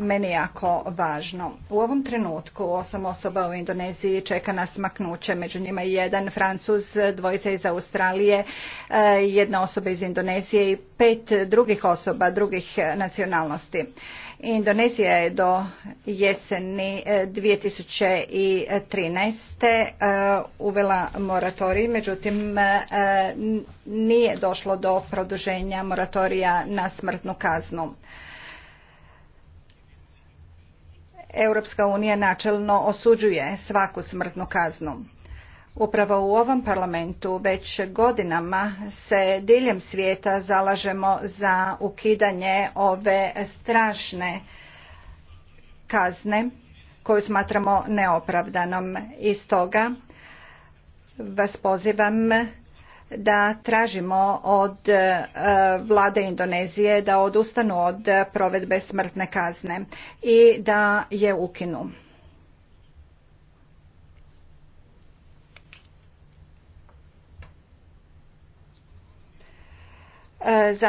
meni jako važno. U ovom trenutku osam osoba u Indoneziji čeka na smaknuće, među njima jedan Francuz, dvojica iz Australije, e, jedna osoba iz Indonezije i pet drugih osoba drugih nacionalnosti. Indonezija je do jeseni 2013. E, e, uvela moratorij, međutim nije došlo do produženja moratorija na smrtnu kaznu. Europska unija načelno osuđuje svaku smrtnu kaznu. Upravo u ovom parlamentu već godinama se diljem svijeta zalažemo za ukidanje ove strašne kazne koju smatramo neopravdanom i stoga vas pozivam da tražimo od e, vlade Indonezije da odustanu od provedbe smrtne kazne i da je ukinu. E,